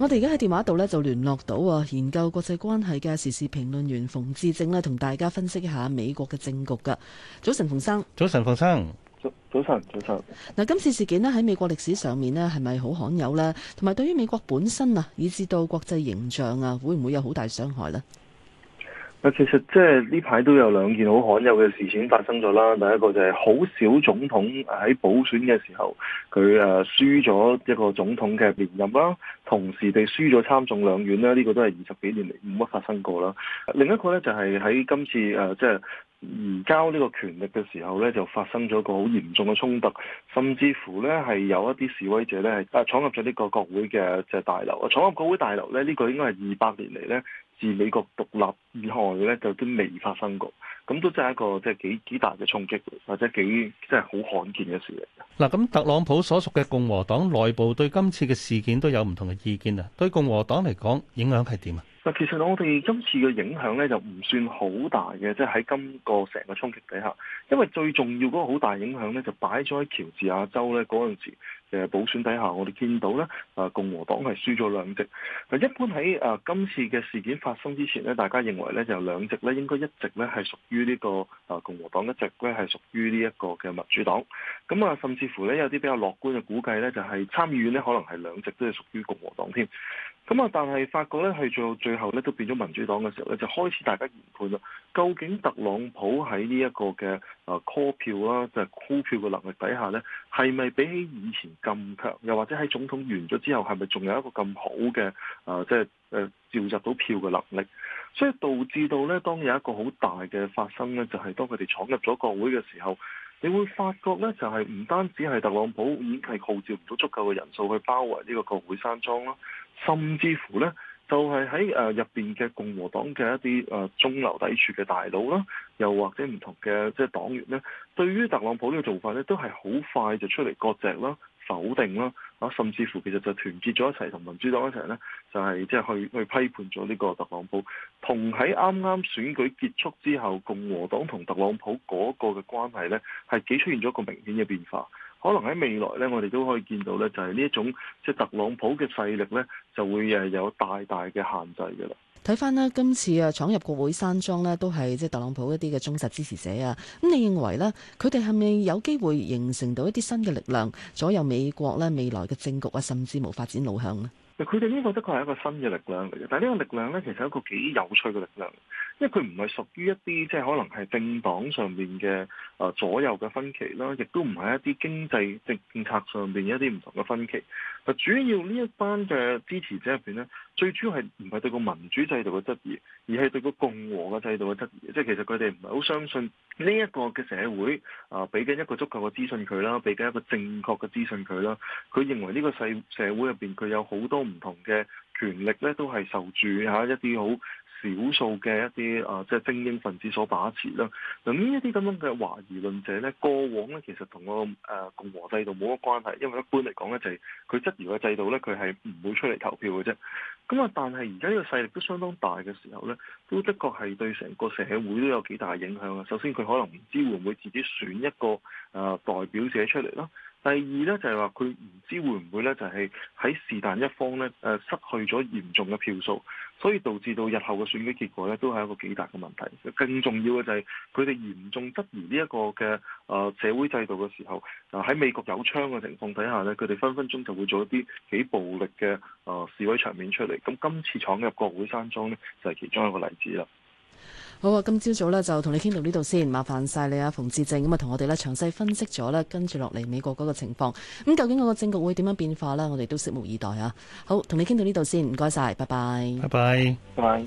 我哋而家喺電話度呢，就聯絡到啊，研究國際關係嘅時事評論員馮智政咧，同大家分析一下美國嘅政局噶。早晨，馮生。早晨，馮生。早晨早晨。嗱，今次事件咧喺美國歷史上面咧，係咪好罕有呢？同埋，對於美國本身啊，以至到國際形象啊，會唔會有好大傷害呢？啊，其實即係呢排都有兩件好罕有嘅事情發生咗啦。第一個就係好少總統喺補選嘅時候，佢啊輸咗一個總統嘅連任啦，同時地輸咗參眾兩院啦。呢個都係二十幾年嚟冇乜發生過啦。另一個呢，就係喺今次誒即係移交呢個權力嘅時候呢，就發生咗一個好嚴重嘅衝突，甚至乎呢係有一啲示威者呢，係啊闖入咗呢個國會嘅隻大樓啊，闖入國會大樓呢，呢個應該係二百年嚟呢。自美國獨立以後嘅咧，就都未發生過，咁都真係一個即係、就是、幾幾大嘅衝擊，或者幾真係好罕見嘅事嚟。嗱、啊，咁特朗普所屬嘅共和黨內部對今次嘅事件都有唔同嘅意見啊。對共和黨嚟講，影響係點啊？嗱，其實我哋今次嘅影響咧就唔算好大嘅，即係喺今個成個衝擊底下，因為最重要嗰個好大影響咧就擺咗喺喬治亞州咧嗰陣時。誒補選底下，我哋見到咧，誒共和黨係輸咗兩席。嗱，一般喺誒今次嘅事件發生之前咧，大家認為咧就兩席咧應該一直咧係屬於呢個誒共和黨一席，咧係屬於呢一個嘅民主黨。咁啊，甚至乎咧有啲比較樂觀嘅估計咧，就係參議院可能係兩席都係屬於共和黨添。咁啊，但係發覺咧，去到最後咧都變咗民主黨嘅時候咧，就開始大家研判啦。究竟特朗普喺呢一個嘅誒 call 票啊，即係 call 票嘅能力底下咧？係咪比起以前咁強？又或者喺總統完咗之後，係咪仲有一個咁好嘅啊？即係誒召集到票嘅能力，所以導致到呢，當有一個好大嘅發生呢，就係當佢哋闖入咗國會嘅時候，你會發覺呢，就係唔單止係特朗普已經係號召唔到足夠嘅人數去包圍呢個國會山莊啦，甚至乎呢。就係喺誒入邊嘅共和黨嘅一啲誒中流砥柱嘅大佬啦，又或者唔同嘅即係黨員呢，對於特朗普呢個做法呢，都係好快就出嚟割席啦，否定啦，啊甚至乎其實就團結咗一齊同民主黨一齊呢，就係即係去去批判咗呢個特朗普。同喺啱啱選舉結束之後，共和黨同特朗普嗰個嘅關係呢，係幾出現咗一個明顯嘅變化。可能喺未來呢，我哋都可以見到呢，就係呢一種即係特朗普嘅勢力呢，就會誒有大大嘅限制㗎啦。睇翻呢，今次啊，闖入國會山莊呢，都係即係特朗普一啲嘅忠實支持者啊。咁你認為呢？佢哋係咪有機會形成到一啲新嘅力量，左右美國呢未來嘅政局啊，甚至冇發展路向呢？佢哋呢個的確係一個新嘅力量嚟嘅，但係呢個力量呢，其實係一個幾有趣嘅力量。因為佢唔係屬於一啲即係可能係政黨上面嘅啊、呃、左右嘅分歧啦，亦都唔係一啲經濟政策上面一啲唔同嘅分歧。啊，主要呢一班嘅支持者入邊咧，最主要係唔係對個民主制度嘅質疑，而係對個共和嘅制度嘅質疑。即係其實佢哋唔係好相信呢一個嘅社會啊，俾、呃、緊一個足夠嘅資訊佢啦，俾緊一個正確嘅資訊佢啦。佢認為呢個細社會入邊佢有好多唔同嘅權力咧，都係受住嚇一啲好。少數嘅一啲啊，即係精英分子所把持啦。嗱，呢一啲咁樣嘅懷疑論者咧，過往咧其實同個誒共和制度冇乜關係，因為一般嚟講咧就係佢質疑嘅制度咧，佢係唔會出嚟投票嘅啫。咁啊，但係而家呢個勢力都相當大嘅時候咧，都的確係對成個社會都有幾大影響啊。首先佢可能唔知會唔會自己選一個啊代表者出嚟咯。第二咧就係話佢唔知會唔會咧就係喺是但一方咧誒失去咗嚴重嘅票數，所以導致到日後嘅選舉結果咧都係一個幾大嘅問題。更重要嘅就係佢哋嚴重質疑呢一個嘅誒社會制度嘅時候，嗱喺美國有槍嘅情況底下咧，佢哋分分鐘就會做一啲幾暴力嘅誒示威場面出嚟。咁今次闖入國會山莊咧就係其中一個例子啦。好啊，今朝早咧就同你傾到呢度先，麻煩晒你啊馮智政，咁啊同我哋咧詳細分析咗咧跟住落嚟美國嗰個情況，咁究竟嗰個政局會點樣變化呢？我哋都拭目以待啊！好，同你傾到呢度先，唔該晒，拜拜，拜拜，拜。